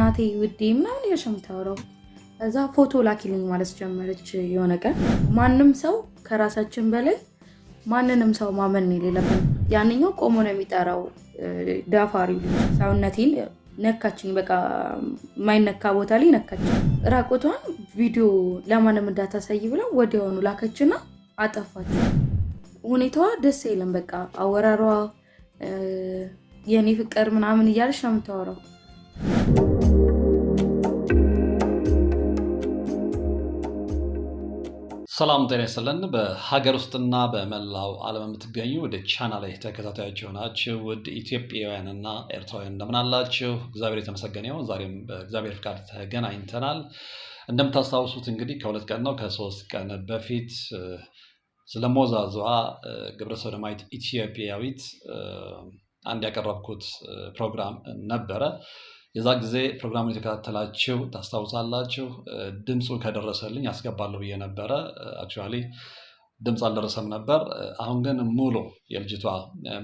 እናቴ ውዴ ምናምን ይኸውልሽ የምታወራው እዛ ፎቶ ላኪልኝ ማለት ጀመረች። የሆነ ቀን ማንም ሰው ከራሳችን በላይ ማንንም ሰው ማመን የሌለብን ያንኛው ቆሞ ነው የሚጠራው ዳፋሪ ሰውነቴን ነካችኝ። በቃ የማይነካ ቦታ ላይ ነካችኝ። ራቁቷን ቪዲዮ ለማንም እንዳታሳይ ብለው ወዲያውኑ ላከችና አጠፋችው። ሁኔታዋ ደስ የለም። በቃ አወራሯ የእኔ ፍቅር ምናምን እያለች ነው የምታወራው። ሰላም ጤና ይስጥልን። በሀገር ውስጥና በመላው ዓለም የምትገኙ ወደ ቻና ላይ ተከታታያቸው የሆናችሁ ውድ ኢትዮጵያውያንና ኤርትራውያን እንደምን እግዚአብሔር የተመሰገነ ዛሬም በእግዚአብሔር ፍቃድ ተገናኝተናል። እንደምታስታውሱት እንግዲህ ከሁለት ቀን ነው ከሶስት ቀን በፊት ስለ ሞዛዟ ግብረ ሰዶማዊት ኢትዮጵያዊት አንድ ያቀረብኩት ፕሮግራም ነበረ። የዛ ጊዜ ፕሮግራሙን የተከታተላችሁ ታስታውሳላችሁ። ድምፁ ከደረሰልኝ አስገባለሁ ብዬ ነበረ። አክቹዋሊ ድምፅ አልደረሰም ነበር። አሁን ግን ሙሉ የልጅቷ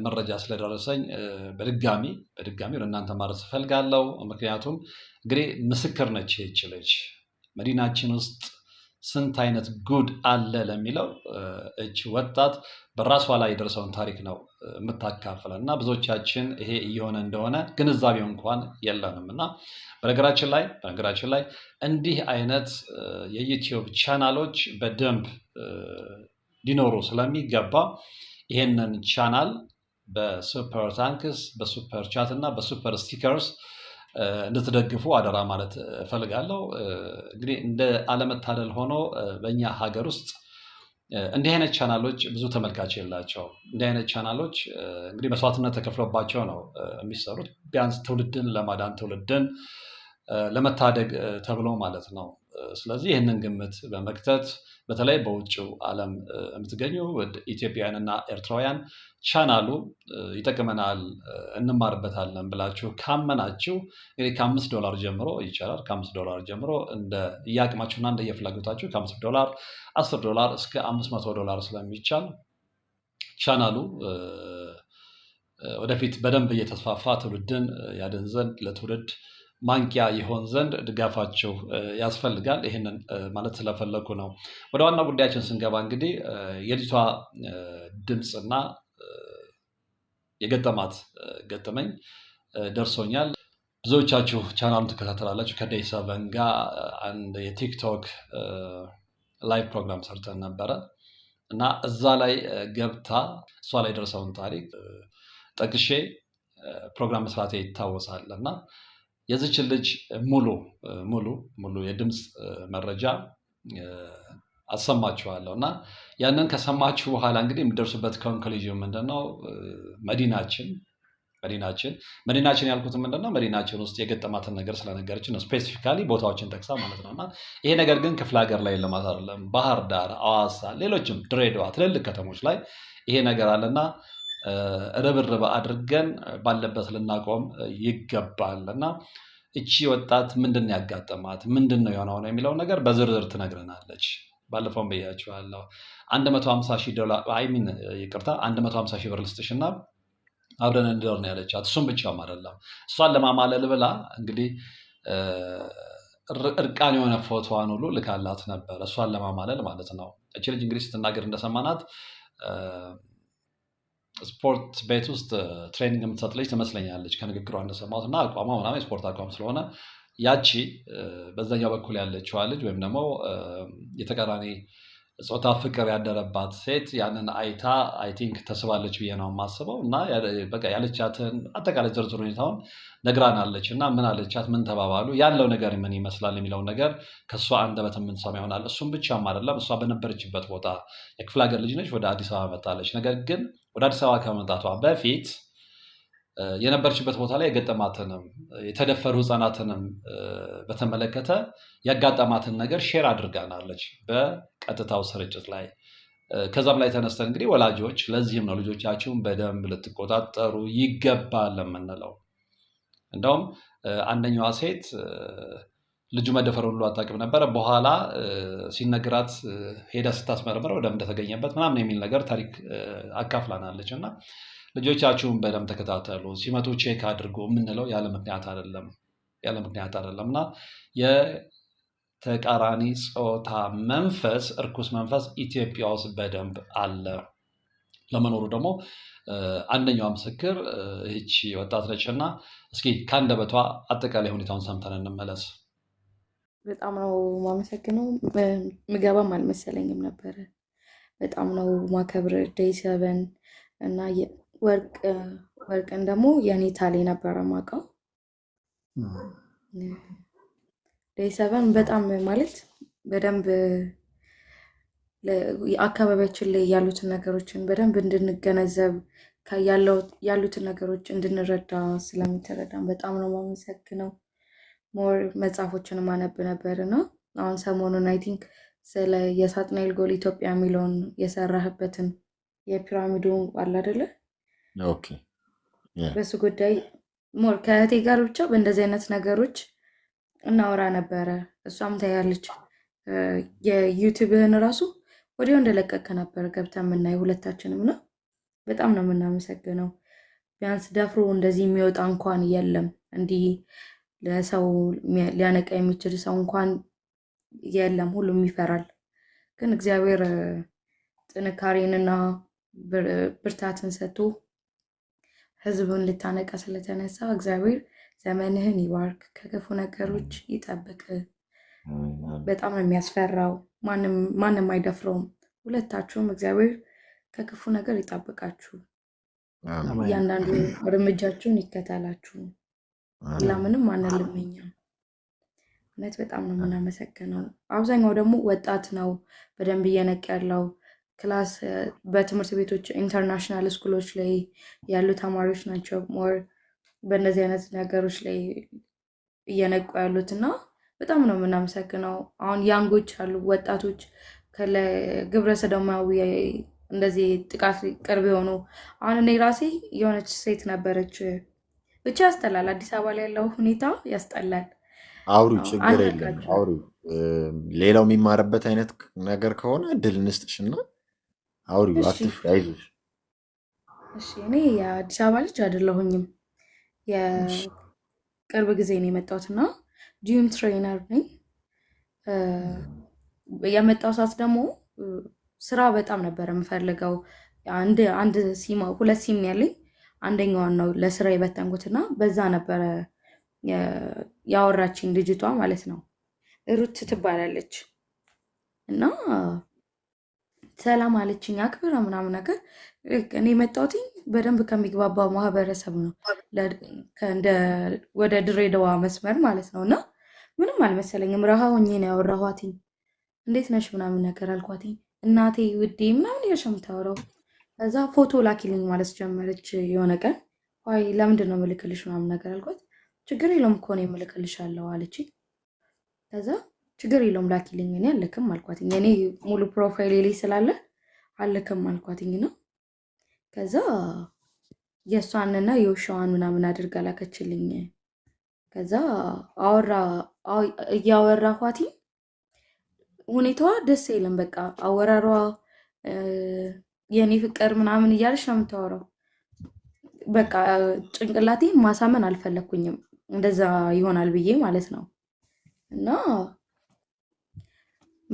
መረጃ ስለደረሰኝ በድጋሚ በድጋሚ ወደ እናንተ ማድረስ እፈልጋለው ምክንያቱም እንግዲህ ምስክር ነች ይችለች መዲናችን ውስጥ ስንት አይነት ጉድ አለ ለሚለው እች ወጣት በራሷ ላይ የደረሰውን ታሪክ ነው የምታካፍለን እና ብዙዎቻችን ይሄ እየሆነ እንደሆነ ግንዛቤው እንኳን የለንም እና በነገራችን ላይ በነገራችን ላይ እንዲህ አይነት የዩቲዩብ ቻናሎች በደንብ ሊኖሩ ስለሚገባ ይሄንን ቻናል በሱፐር ታንክስ፣ በሱፐር ቻት እና በሱፐር ስቲከርስ እንድትደግፉ አደራ ማለት እፈልጋለሁ። እንግዲህ እንደ አለመታደል ሆኖ በእኛ ሀገር ውስጥ እንዲህ አይነት ቻናሎች ብዙ ተመልካች የላቸው። እንዲህ አይነት ቻናሎች እንግዲህ መስዋዕትነት ተከፍሎባቸው ነው የሚሰሩት፣ ቢያንስ ትውልድን ለማዳን ትውልድን ለመታደግ ተብሎ ማለት ነው። ስለዚህ ይህንን ግምት በመክተት በተለይ በውጭው ዓለም የምትገኙ ኢትዮጵያውያን እና ኤርትራውያን ቻናሉ ይጠቅመናል፣ እንማርበታለን ብላችሁ ካመናችሁ እንግዲህ ከአምስት ዶላር ጀምሮ ይቻላል። ከአምስት ዶላር ጀምሮ እንደ እያቅማችሁና እንደ የፍላጎታችሁ ከአምስት ዶላር፣ አስር ዶላር እስከ አምስት መቶ ዶላር ስለሚቻል ቻናሉ ወደፊት በደንብ እየተስፋፋ ትውልድን ያደንዘን ለትውልድ ማንኪያ ይሆን ዘንድ ድጋፋችሁ ያስፈልጋል። ይህንን ማለት ስለፈለጉ ነው። ወደ ዋና ጉዳያችን ስንገባ እንግዲህ የልጅቷ ድምፅና የገጠማት ገጠመኝ ደርሶኛል። ብዙዎቻችሁ ቻናሉን ትከታተላላችሁ። ከደይ ሰቨን ጋር አንድ የቲክቶክ ላይቭ ፕሮግራም ሰርተን ነበረ እና እዛ ላይ ገብታ እሷ ላይ ደርሰውን ታሪክ ጠቅሼ ፕሮግራም መስራቴ ይታወሳል እና የዚች ልጅ ሙሉ ሙሉ ሙሉ የድምፅ መረጃ አሰማችኋለሁ እና ያንን ከሰማችሁ በኋላ እንግዲህ የምደርሱበት ኮንክሉዥን ምንድነው? መዲናችን መዲናችን መዲናችን ያልኩት ምንድነው? መዲናችን ውስጥ የገጠማትን ነገር ስለነገረችን ነው። ስፔሲፊካሊ ቦታዎችን ጠቅሳ ማለት ነው እና ይሄ ነገር ግን ክፍለ ሀገር ላይ ለማለት ባህር ዳር፣ አዋሳ፣ ሌሎችም ድሬዳዋ፣ ትልልቅ ከተሞች ላይ ይሄ ነገር አለና ርብርብ አድርገን ባለበት ልናቆም ይገባል እና እቺ ወጣት ምንድን ያጋጠማት ምንድን ነው የሆነው ነው የሚለው ነገር በዝርዝር ትነግረናለች። ባለፈውም ብያችኋለሁ አንድ መቶ ሀምሳ ሺህ ዶላር ይቅርታ አንድ መቶ ሀምሳ ሺህ ብር ልስጥሽ እና አብረን እንደር ነው ያለቻት። እሱም ብቻውም አይደለም እሷን ለማማለል ብላ እንግዲህ እርቃን የሆነ ፎቶዋን ሁሉ ልካላት ነበር፣ እሷን ለማማለል ማለት ነው። እች ልጅ እንግዲህ ስትናገር እንደሰማናት ስፖርት ቤት ውስጥ uh, ትሬኒንግ የምትሰጥ ልጅ ትመስለኛለች ከንግግሯ እንደሰማት እና አቋሟ ምናምን የስፖርት አቋም ስለሆነ ያቺ uh, በዛኛው በኩል ያለችዋ ልጅ ወይም ደግሞ uh, የተቀራኒ ጾታ ፍቅር ያደረባት ሴት ያንን አይታ አይ ቲንክ ተስባለች ብዬ ነው የማስበው። እና በቃ ያለቻትን አጠቃላይ ዝርዝር ሁኔታውን ነግራናለች። እና ምን አለቻት፣ ምን ተባባሉ፣ ያለው ነገር ምን ይመስላል የሚለውን ነገር ከእሷ አንደበት የምንሰማ ይሆናል። እሱም ብቻም አይደለም፣ እሷ በነበረችበት ቦታ የክፍለ ሀገር ልጅ ነች፣ ወደ አዲስ አበባ መጣለች። ነገር ግን ወደ አዲስ አበባ ከመምጣቷ በፊት የነበረችበት ቦታ ላይ የገጠማትንም የተደፈሩ ህፃናትንም በተመለከተ ያጋጠማትን ነገር ሼር አድርጋናለች በቀጥታው ስርጭት ላይ። ከዛም ላይ ተነስተ እንግዲህ ወላጆች ለዚህም ነው ልጆቻችሁን በደንብ ልትቆጣጠሩ ይገባል የምንለው። እንደውም አንደኛዋ ሴት ልጁ መደፈር ሁሉ አታውቅም ነበረ። በኋላ ሲነግራት ሄደ ስታስመረምር በደም እንደተገኘበት ምናምን የሚል ነገር ታሪክ አካፍላናለች። እና ልጆቻችሁን በደም ተከታተሉ፣ ሲመጡ ቼክ አድርጎ የምንለው ያለ ምክንያት አይደለም ያለ ምክንያት አይደለም። እና የተቃራኒ ፆታ መንፈስ እርኩስ መንፈስ ኢትዮጵያ ውስጥ በደንብ አለ። ለመኖሩ ደግሞ አንደኛዋ ምስክር ይህቺ ወጣት ነች እና እስኪ ከአንደበቷ አጠቃላይ ሁኔታውን ሰምተን እንመለስ። በጣም ነው ማመሰግነው። ምገባም አልመሰለኝም ነበረ። በጣም ነው ማከብር ደይ ሰቨን እና ወርቅን ደግሞ የኔታ ላይ ነበረ ማውቀው። ደይ ሰቨን በጣም ማለት በደንብ አካባቢያችን ላይ ያሉትን ነገሮችን በደንብ እንድንገነዘብ ያሉትን ነገሮች እንድንረዳ ስለሚተረዳን በጣም ነው ማመሰግነው። ሞር መጽሐፎችን ማነብ ነበር እና አሁን ሰሞኑን አይ ቲንክ ስለ የሳጥናኤል ጎል ኢትዮጵያ የሚለውን የሰራህበትን የፒራሚዱ አለ አደለ በሱ ጉዳይ ሞር ከእህቴ ጋር ብቻ በእንደዚህ አይነት ነገሮች እናወራ ነበረ። እሷም ታያለች የዩቲብህን ራሱ ወዲያው እንደለቀቀ ነበር ገብተ የምናየው ሁለታችንም ነው። በጣም ነው የምናመሰግነው። ቢያንስ ደፍሮ እንደዚህ የሚወጣ እንኳን የለም እንዲህ ለሰው ሊያነቃ የሚችል ሰው እንኳን የለም፣ ሁሉም ይፈራል። ግን እግዚአብሔር ጥንካሬንና ብርታትን ሰጥቶ ህዝብን ልታነቃ ስለተነሳ እግዚአብሔር ዘመንህን ይባርክ፣ ከክፉ ነገሮች ይጠብቅ። በጣም ነው የሚያስፈራው፣ ማንም አይደፍረውም። ሁለታችሁም እግዚአብሔር ከክፉ ነገር ይጠብቃችሁ፣ እያንዳንዱ እርምጃችሁን ይከተላችሁ። ለምንም አንልምኛ እውነት በጣም ነው የምናመሰግነው። አብዛኛው ደግሞ ወጣት ነው በደንብ እየነቅ ያለው ክላስ በትምህርት ቤቶች ኢንተርናሽናል ስኩሎች ላይ ያሉ ተማሪዎች ናቸው ሞር በእነዚህ አይነት ነገሮች ላይ እየነቁ ያሉት እና በጣም ነው የምናመሰግነው። አሁን ያንጎች አሉ ወጣቶች ግብረ ሰዶማዊ እንደዚህ ጥቃት ቅርብ የሆኑ አሁን እኔ ራሴ የሆነች ሴት ነበረች ብቻ ያስጠላል። አዲስ አበባ ላይ ያለው ሁኔታ ያስጠላል። አውሪው፣ ችግር የለም አውሪው። ሌላው የሚማርበት አይነት ነገር ከሆነ እድል እንስጥሽ እና አውሪው፣ አትፍሪ፣ አይዞሽ። እሺ፣ እኔ የአዲስ አበባ ልጅ አይደለሁኝም። የቅርብ ጊዜ ነው የመጣሁት እና ጂም ትሬነር ነኝ። የመጣው ሰዓት ደግሞ ስራ በጣም ነበር የምፈልገው። አንድ ሲም ሁለት ሲም ያለኝ አንደኛዋን ነው ለስራ የበተንኩት እና በዛ ነበረ ያወራችኝ ልጅቷ ማለት ነው። ሩት ትባላለች እና ሰላም አለችኝ አክብራ ምናምን ነገር። እኔ የመጣሁትኝ በደንብ ከሚግባባ ማህበረሰብ ነው ወደ ድሬዳዋ መስመር ማለት ነው እና ምንም አልመሰለኝም። ረሃ ሆኜ ነው ያወራኋትኝ። እንዴት ነሽ ምናምን ነገር አልኳትኝ። እናቴ ውዴ ምናምን የሸምታወረው እዛ ፎቶ ላኪልኝ ማለት ጀመረች። የሆነ ቀን ይ ለምንድን ነው የምልክልሽ ምናምን ነገር አልኳት። ችግር የለውም እኮ እኔ አለው አለች። ከዛ ችግር የለውም ላኪልኝ፣ እኔ አልክም አልኳትኝ። እኔ ሙሉ ፕሮፋይል ላይ ስላለ አልክም አልኳትኝ ነው። ከዛ የእሷንና የውሻዋን ምናምን አድርጋ ላከችልኝ። ከዛ አወራ እያወራ ሁኔታዋ ደስ የለም በቃ አወራሯ የኔ ፍቅር ምናምን እያለች ነው የምታወራው። በቃ ጭንቅላቴ ማሳመን አልፈለግኩኝም እንደዛ ይሆናል ብዬ ማለት ነው። እና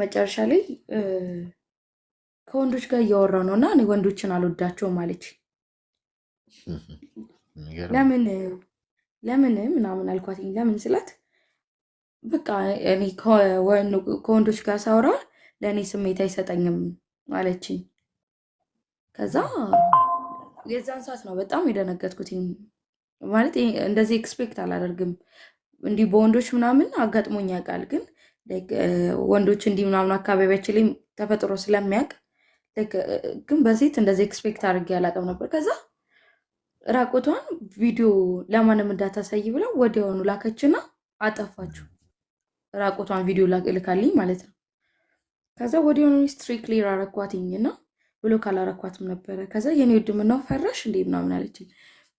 መጨረሻ ላይ ከወንዶች ጋር እያወራው ነው እና እኔ ወንዶችን አልወዳቸውም አለች። ለምን ለምን ምናምን አልኳትኝ። ለምን ስላት በቃ እኔ ከወንዶች ጋር ሳውራ ለእኔ ስሜት አይሰጠኝም አለችኝ። ከዛ የዛን ሰዓት ነው በጣም የደነገጥኩት። ማለት እንደዚህ ኤክስፔክት አላደርግም። እንዲህ በወንዶች ምናምን አጋጥሞኝ ያውቃል፣ ግን ወንዶች እንዲህ ምናምን አካባቢያችን ላይ ተፈጥሮ ስለሚያውቅ ግን በሴት እንደዚህ ኤክስፔክት አድርጌ አላውቅም ነበር። ከዛ ራቁቷን ቪዲዮ ለማንም እንዳታሳይ ብለው ወዲያውኑ ላከችና አጠፋችሁ። ራቁቷን ቪዲዮ ልካልኝ ማለት ነው። ከዛ ወዲያውኑ ስትሪክሊ አረኳትኝና ብሎ ካላረኳትም ነበረ። ከዛ የኔ ውድ ምነው ፈራሽ እንዴ ምናምን አለችኝ።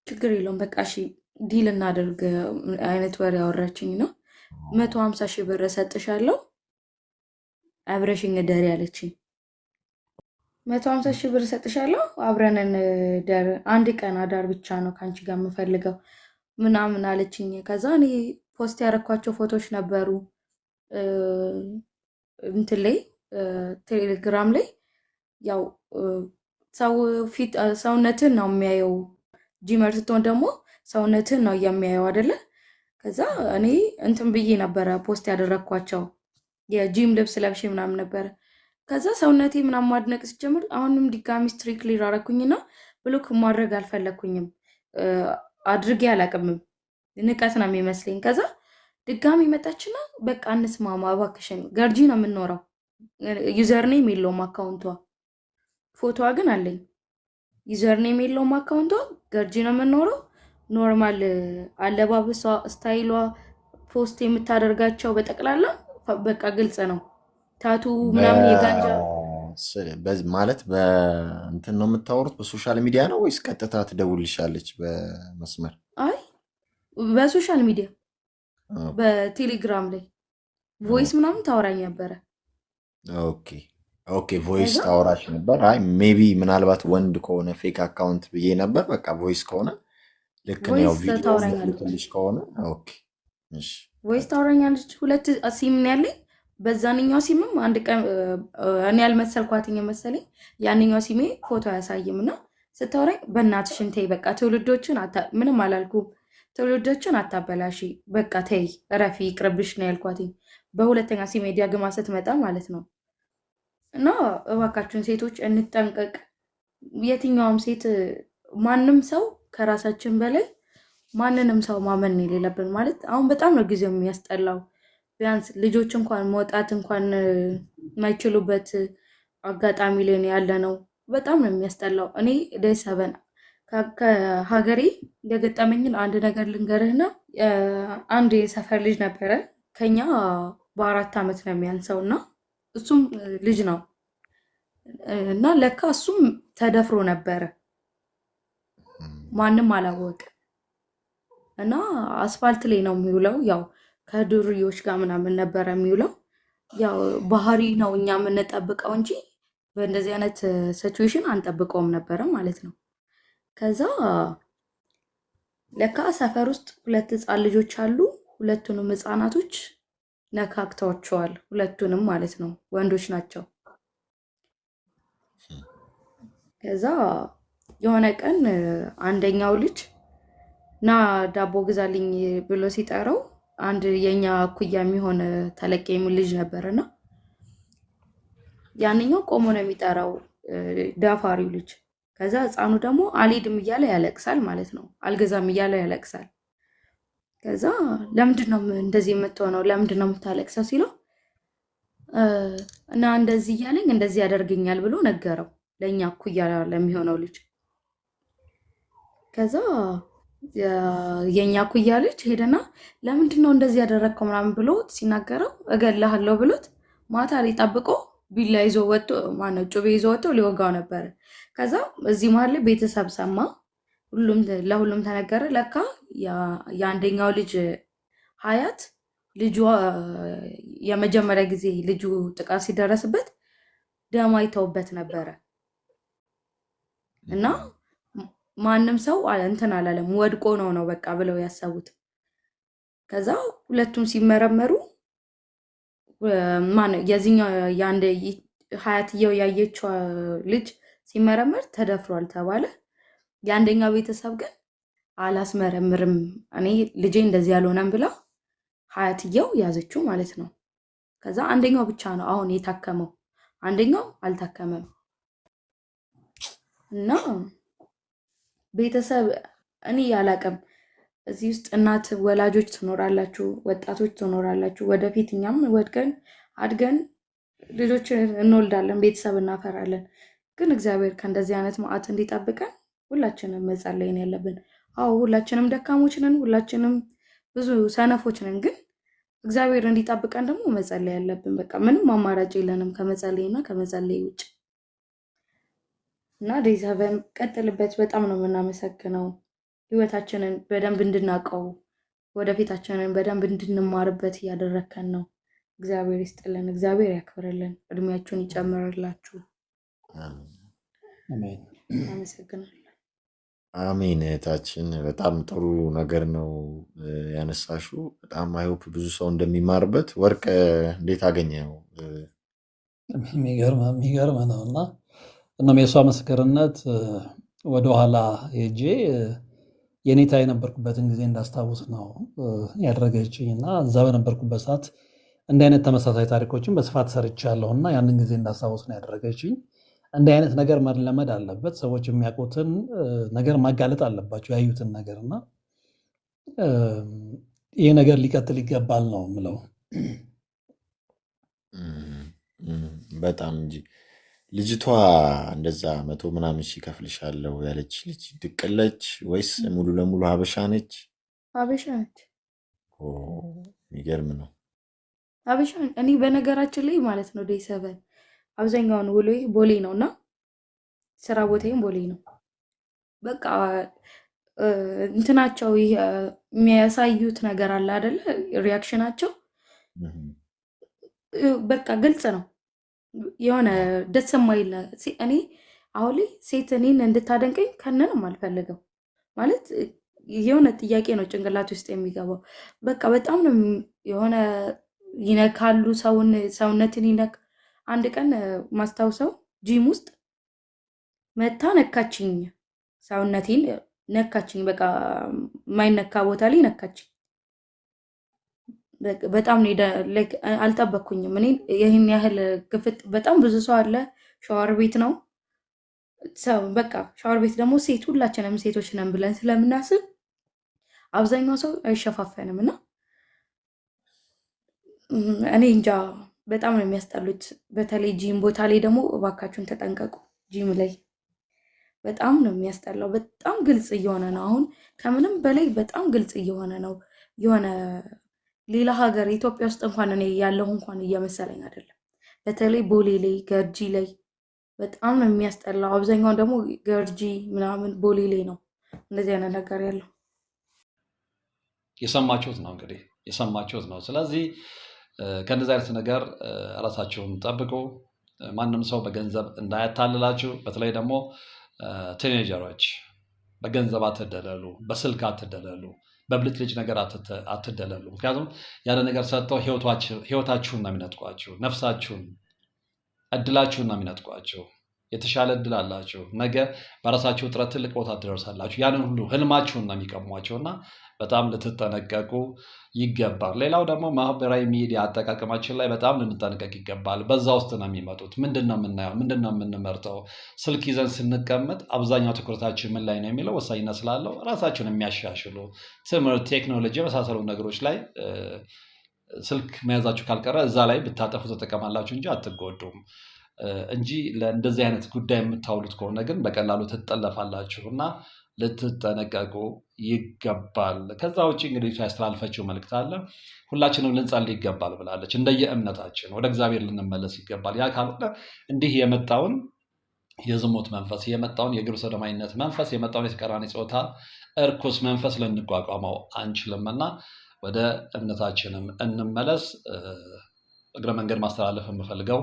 ችግር የለውም በቃ እሺ ዲል እናደርግ አይነት ወሬ ያወራችኝ ነው። መቶ ሀምሳ ሺህ ብር ሰጥሻለሁ አብረሽኝ ደር ያለችኝ። መቶ ሀምሳ ሺህ ብር ሰጥሻለሁ አብረንን ደር አንድ ቀን አዳር ብቻ ነው ከአንቺ ጋር የምፈልገው ምናምን አለችኝ። ከዛ እኔ ፖስት ያረኳቸው ፎቶዎች ነበሩ እንትን ላይ ቴሌግራም ላይ ያው ሰው ፊት ሰውነትን ነው የሚያየው። ጂመር ስትሆን ደግሞ ሰውነትን ነው የሚያየው አይደለ? ከዛ እኔ እንትን ብዬ ነበረ ፖስት ያደረግኳቸው የጂም ልብስ ለብሼ ምናምን ነበረ። ከዛ ሰውነቴ ምናምን ማድነቅ ስጀምር አሁንም ድጋሚ ሊር አረኩኝና ብሎክ ማድረግ አልፈለግኩኝም። አድርጌ አላቅምም ንቀት ነው የሚመስለኝ። ከዛ ድጋሚ መጣችና በቃ እንስማማ እባክሽን ገርጂ ነው የምንኖረው ዩዘርኔም የለውም አካውንቷ ፎቶዋ ግን አለኝ። ዩዘርኔም የለውም አካውንቷ። ገርጂ ነው የምኖረው። ኖርማል አለባበሷ፣ ስታይሏ፣ ፖስት የምታደርጋቸው በጠቅላላ በቃ ግልጽ ነው። ታቱ ምናምን የጋንጃ ማለት በእንትን ነው የምታወሩት? በሶሻል ሚዲያ ነው ወይስ ቀጥታ ትደውልሻለች በመስመር? አይ በሶሻል ሚዲያ በቴሌግራም ላይ ቮይስ ምናምን ታወራኝ ነበረ። ኦኬ ኦኬ ቮይስ ታወራሽ ነበር? አይ ሜቢ ምናልባት ወንድ ከሆነ ፌክ አካውንት ብዬ ነበር። በቃ ቮይስ ከሆነ ልክ ነው። ያው ከሆነ ቮይስ ታወራኛለች። ሁለት ሲም ነው ያለኝ። በዛንኛው ሲምም አንድ ቀን እኔ ያልመሰልኳትኝ መሰለኝ። ያንኛው ሲሜ ፎቶ አያሳይም እና ስታወራኝ በእናትሽን ተይ በቃ ትውልዶችን ምንም አላልኩም። ትውልዶችን አታበላሽ በቃ ተይ እረፊ፣ ይቅርብሽ ነው ያልኳትኝ። በሁለተኛ ሲሜ ዲያግማ ስትመጣ ማለት ነው እና እባካችን ሴቶች እንጠንቀቅ። የትኛውም ሴት ማንም ሰው ከራሳችን በላይ ማንንም ሰው ማመን የሌለብን ማለት አሁን በጣም ነው ጊዜው የሚያስጠላው። ቢያንስ ልጆች እንኳን መውጣት እንኳን የማይችሉበት አጋጣሚ ላይ ነው ያለ ነው። በጣም ነው የሚያስጠላው። እኔ ደይ ሰበን ከሀገሬ የገጠመኝን አንድ ነገር ልንገርህና አንድ የሰፈር ልጅ ነበረ ከኛ በአራት ዓመት ነው የሚያንሰው እና እሱም ልጅ ነው እና ለካ እሱም ተደፍሮ ነበረ። ማንም አላወቅ እና አስፋልት ላይ ነው የሚውለው። ያው ከዱርዮች ጋር ምናምን ነበረ የሚውለው። ያው ባህሪ ነው እኛ የምንጠብቀው እንጂ በእንደዚህ አይነት ሲቹዌሽን አንጠብቀውም ነበረ ማለት ነው። ከዛ ለካ ሰፈር ውስጥ ሁለት ህፃን ልጆች አሉ። ሁለቱንም ህፃናቶች ነካክተዋቸዋል። ሁለቱንም ማለት ነው፣ ወንዶች ናቸው። ከዛ የሆነ ቀን አንደኛው ልጅ ና ዳቦ ግዛልኝ ብሎ ሲጠራው አንድ የኛ እኩያ የሚሆን ተለቀ የሚል ልጅ ነበርና ያንኛው ቆሞ ነው የሚጠራው ዳፋሪው ልጅ። ከዛ ህፃኑ ደግሞ አልሄድም እያለ ያለቅሳል ማለት ነው፣ አልገዛም እያለ ያለቅሳል። ከዛ ለምንድን ነው እንደዚህ የምትሆነው? ለምንድን ነው የምታለቅሰው? ሲለው እና እንደዚህ እያለኝ እንደዚህ ያደርገኛል ብሎ ነገረው፣ ለእኛ እኩያ ለሚሆነው ልጅ። ከዛ የእኛ እኩያ ልጅ ሄደና ለምንድን ነው እንደዚህ ያደረግከው ምናምን ብሎ ሲናገረው እገልሃለሁ ብሎት ማታ ላይ ጠብቆ ቢላ ይዞ ወጥቶ ማነው ጩቤ ይዞ ወጥቶ ሊወጋው ነበረ። ከዛ እዚህ መሀል ላይ ቤተሰብ ሰማ። ሁሉም ለሁሉም ተነገረ። ለካ የአንደኛው ልጅ ሀያት ልጁ የመጀመሪያ ጊዜ ልጁ ጥቃት ሲደረስበት ደም አይተውበት ነበረ እና ማንም ሰው እንትን አላለም። ወድቆ ነው ነው በቃ ብለው ያሰቡት። ከዛ ሁለቱም ሲመረመሩ የዚህኛው የአንድ ሀያትየው ያየችው ልጅ ሲመረመር ተደፍሯል ተባለ። የአንደኛው ቤተሰብ ግን አላስመረምርም እኔ ልጄ እንደዚህ ያልሆነም ብለው ሀያትየው ያዘችው ማለት ነው። ከዛ አንደኛው ብቻ ነው አሁን የታከመው፣ አንደኛው አልታከመም። እና ቤተሰብ እኔ ያላቀም እዚህ ውስጥ እናት ወላጆች ትኖራላችሁ፣ ወጣቶች ትኖራላችሁ። ወደፊት እኛም ወድገን አድገን ልጆችን እንወልዳለን፣ ቤተሰብ እናፈራለን። ግን እግዚአብሔር ከእንደዚህ አይነት መዓት እንዲጠብቀን ሁላችንም መጸለይ ነው ያለብን። አዎ ሁላችንም ደካሞች ነን፣ ሁላችንም ብዙ ሰነፎች ነን። ግን እግዚአብሔር እንዲጠብቀን ደግሞ መጸለይ ያለብን። በቃ ምንም አማራጭ የለንም ከመጸለይ እና ከመጸለይ ውጭ እና ዴዛቨን ቀጥልበት። በጣም ነው የምናመሰግነው። ህይወታችንን በደንብ እንድናውቀው ወደፊታችንን በደንብ እንድንማርበት እያደረከን ነው። እግዚአብሔር ይስጥልን፣ እግዚአብሔር ያክብርልን፣ እድሜያችሁን ይጨምርላችሁ። አመሰግናለሁ። አሜን እህታችን በጣም ጥሩ ነገር ነው ያነሳሹ። በጣም አይሆፕ ብዙ ሰው እንደሚማርበት። ወርቅ እንዴት አገኘው? የሚገርም ነው እና እናም የእሷ ምስክርነት ወደኋላ ሄጄ የኔታ የነበርኩበትን ጊዜ እንዳስታውስ ነው ያደረገችኝ እና እዛ በነበርኩበት ሰዓት እንዲህ አይነት ተመሳሳይ ታሪኮችን በስፋት ሰርቻለሁ እና ያንን ጊዜ እንዳስታውስ ነው ያደረገችኝ። እንዲህ አይነት ነገር መለመድ አለበት። ሰዎች የሚያውቁትን ነገር ማጋለጥ አለባቸው፣ ያዩትን ነገር እና ይህ ነገር ሊቀጥል ይገባል ነው ምለው። በጣም እንጂ ልጅቷ እንደዛ መቶ ምናምን ሺ ከፍልሻለሁ ያለች ልጅ ድቅለች ወይስ ሙሉ ለሙሉ ሀበሻ ነች? ሀበሻ ነች። የሚገርም ነው። ሀበሻ እኔ በነገራችን ላይ ማለት ነው ደይ ሰበን አብዛኛውን ውሎ ቦሌ ነው እና ስራ ቦታዬም ቦሌ ነው። በቃ እንትናቸው ይሄ የሚያሳዩት ነገር አለ አደለ? ሪያክሽናቸው በቃ ግልጽ ነው። የሆነ ደስ የማይል እኔ አሁን ላይ ሴት እኔን እንድታደንቀኝ ከንንም አልፈልገው ማለት የሆነ ጥያቄ ነው ጭንቅላት ውስጥ የሚገባው። በቃ በጣም ነው የሆነ ይነካሉ፣ ሰውን ሰውነትን ይነካ አንድ ቀን ማስታውሰው ጂም ውስጥ መታ ነካችኝ፣ ሰውነቴን ነካችኝ። በቃ የማይነካ ቦታ ላይ ነካችኝ። በጣም አልጠበኩኝም። እኔ ይህን ያህል ግፍጥ። በጣም ብዙ ሰው አለ። ሸዋር ቤት ነው ሰው በቃ ሻወር ቤት ደግሞ ሴት ሁላችንም ሴቶች ነን ብለን ስለምናስብ አብዛኛው ሰው አይሸፋፈንም እና እኔ እንጃ በጣም ነው የሚያስጠሉት። በተለይ ጂም ቦታ ላይ ደግሞ እባካችሁን ተጠንቀቁ። ጂም ላይ በጣም ነው የሚያስጠላው። በጣም ግልጽ እየሆነ ነው አሁን፣ ከምንም በላይ በጣም ግልጽ እየሆነ ነው። የሆነ ሌላ ሀገር ኢትዮጵያ ውስጥ እንኳን እኔ ያለሁ እንኳን እየመሰለኝ አይደለም። በተለይ ቦሌ ላይ ገርጂ ላይ በጣም ነው የሚያስጠላው። አብዛኛውን ደግሞ ገርጂ ምናምን ቦሌ ላይ ነው እንደዚህ አይነት ነገር ያለው። የሰማችሁት ነው እንግዲህ የሰማችሁት ነው። ስለዚህ ከእንደዚህ አይነት ነገር ራሳችሁን ጠብቁ። ማንም ሰው በገንዘብ እንዳያታልላችሁ። በተለይ ደግሞ ቲኔጀሮች በገንዘብ አትደለሉ፣ በስልክ አትደለሉ፣ በብልት ልጅ ነገር አትደለሉ። ምክንያቱም ያለ ነገር ሰጥተው ህይወታችሁን ነው የሚነጥቋችሁ፣ ነፍሳችሁን፣ እድላችሁን ነው የሚነጥቋችሁ። የተሻለ እድል አላችሁ። ነገ በራሳችሁ ጥረት ትልቅ ቦታ ትደርሳላችሁ። ያንን ሁሉ ህልማችሁን ነው የሚቀሟቸው እና በጣም ልትጠነቀቁ ይገባል። ሌላው ደግሞ ማህበራዊ ሚዲያ አጠቃቀማችን ላይ በጣም ልንጠነቀቅ ይገባል። በዛ ውስጥ ነው የሚመጡት። ምንድን ነው የምናየው? ምንድን ነው የምንመርጠው? ስልክ ይዘን ስንቀመጥ አብዛኛው ትኩረታችን ምን ላይ ነው የሚለው ወሳኝነት ስላለው ራሳችን የሚያሻሽሉ ትምህርት፣ ቴክኖሎጂ የመሳሰሉ ነገሮች ላይ ስልክ መያዛችሁ ካልቀረ እዛ ላይ ብታጠፉ ተጠቀማላችሁ እንጂ አትጎዱም እንጂ ለእንደዚህ አይነት ጉዳይ የምታውሉት ከሆነ ግን በቀላሉ ትጠለፋላችሁ እና ልትጠነቀቁ ይገባል። ከዛ ውጭ እንግዲህ ያስተላልፈችው መልእክት አለ። ሁላችንም ልንጸልይ ይገባል ብላለች። እምነታችን ወደ እግዚአብሔር ልንመለስ ይገባል። ያ ካልሆነ እንዲህ የመጣውን የዝሙት መንፈስ የመጣውን የግብረ ሰዶማዊነት መንፈስ የመጣውን የተቃራኒ ጾታ እርኩስ መንፈስ ልንቋቋመው አንችልምና ወደ እምነታችንም እንመለስ። እግረ መንገድ ማስተላለፍ የምፈልገው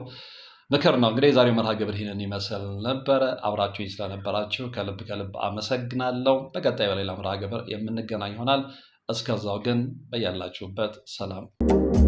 ምክር ነው። እንግዲህ የዛሬው መርሃ ግብር ይህንን ይመስል ነበረ። አብራችሁ ስለነበራችሁ ከልብ ከልብ አመሰግናለሁ። በቀጣይ በሌላ መርሃ ግብር የምንገናኝ ይሆናል። እስከዛው ግን በያላችሁበት ሰላም